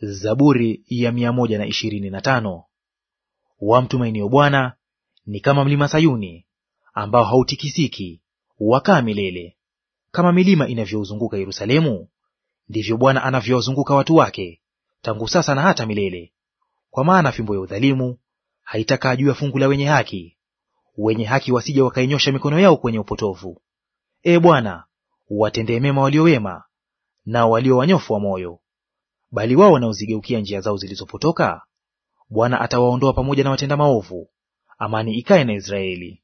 Zaburi ya mia moja na ishirini na tano. Wamtumainio Bwana ni kama mlima Sayuni ambao hautikisiki, wakaa milele. Kama milima inavyouzunguka Yerusalemu, ndivyo Bwana anavyowazunguka watu wake, tangu sasa na hata milele. Kwa maana fimbo ya udhalimu haitakaa juu ya fungu la wenye haki, wenye haki wasije wakainyosha mikono yao kwenye upotovu. E Bwana, watendee mema walio wema, nao walio wanyofu wa moyo. Bali wao wanaozigeukia njia zao zilizopotoka, Bwana atawaondoa pamoja na watenda maovu. Amani ikae na Israeli.